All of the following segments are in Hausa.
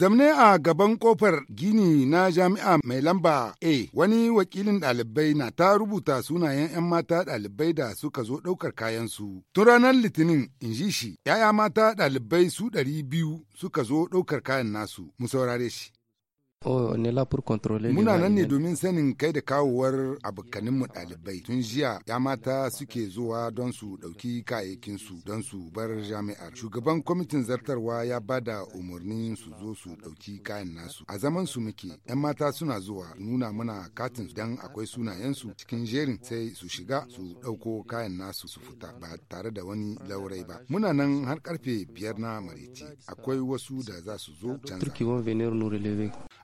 Zamne a gaban kofar gini na jami'a mai lamba A wani wakilin ɗalibai na ta rubuta sunayen 'yan mata ɗalibai da suka zo ɗaukar kayansu. Tun ranar Litinin in ji shi, 'ya'ya mata ɗalibai su ɗari biyu suka zo ɗaukar kayan nasu, mu saurare shi. Oh, ne la kontrole Muna nan ne domin sanin kai da kawowar mu ɗalibai tun jiya ya mata suke zuwa don su ɗauki kayayyakin su don su bar jami'ar. Shugaban kwamitin zartarwa ya bada umarnin su zo su ɗauki kayan nasu. A zaman su muke, 'yan mata suna zuwa nuna mana katin dan akwai sunayen su cikin jerin sai su shiga su ɗauko kayan nasu su fita ba tare da wani laurai ba. Muna nan har karfe biyar na maraice. Akwai wasu da za su zo canza.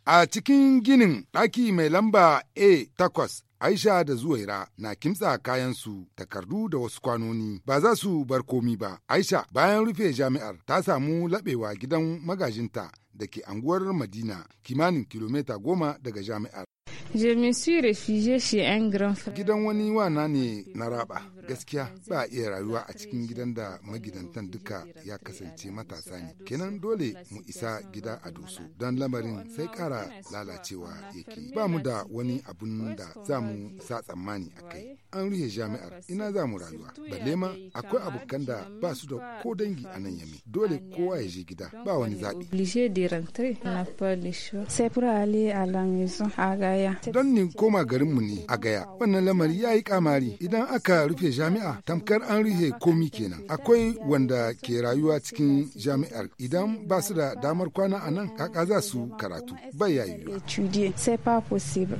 A cikin ginin ɗaki mai lamba a takwas Aisha da Zuwaira na kimtsa kayansu takardu da wasu kwanoni ba za su bar komi ba. Aisha bayan rufe jami'ar ta samu laɓewa gidan magajinta da ke anguwar Madina kimanin kilomita goma daga jami'ar. Je me suis réfugié chez un grand frère. Gidan wani wana ne na raba. Gaskiya ba a iya rayuwa a cikin gidan da magidantan duka ya kasance matasa ne. Kenan dole mu isa gida a dusu don lamarin sai kara lalacewa yake. Ba mu da wani abun da za mu sa tsammani a kai. An rufe jami'ar ina za mu rayuwa. Balle ma akwai abokan da ba su da ko dangi a nan yami. Dole kowa ya je gida ba wani zaɓi. Obligé de rentrer, on n'a pas choix. C'est pour aller à la maison, à gaya. don ni koma garinmu ne a gaya. Wannan lamari ya yi kamari idan aka rufe jami'a tamkar an rufe komi kenan. Akwai wanda ke rayuwa cikin jami'ar idan ba su da damar kwana a nan kaka za su karatu bai yayi.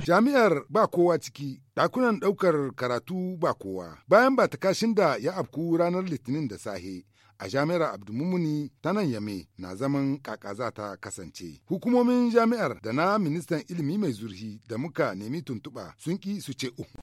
Jami'ar ba kowa ciki ɗakunan ɗaukar karatu ba kowa bayan ba ta kashin da ya afku ranar litinin da sahe a jami'ar abdulmumuni ta nan yame na zaman kakaza ta kasance hukumomin jami'ar da na ministan ilimi mai zurfi da muka nemi tuntuba sun ki su ce uku um.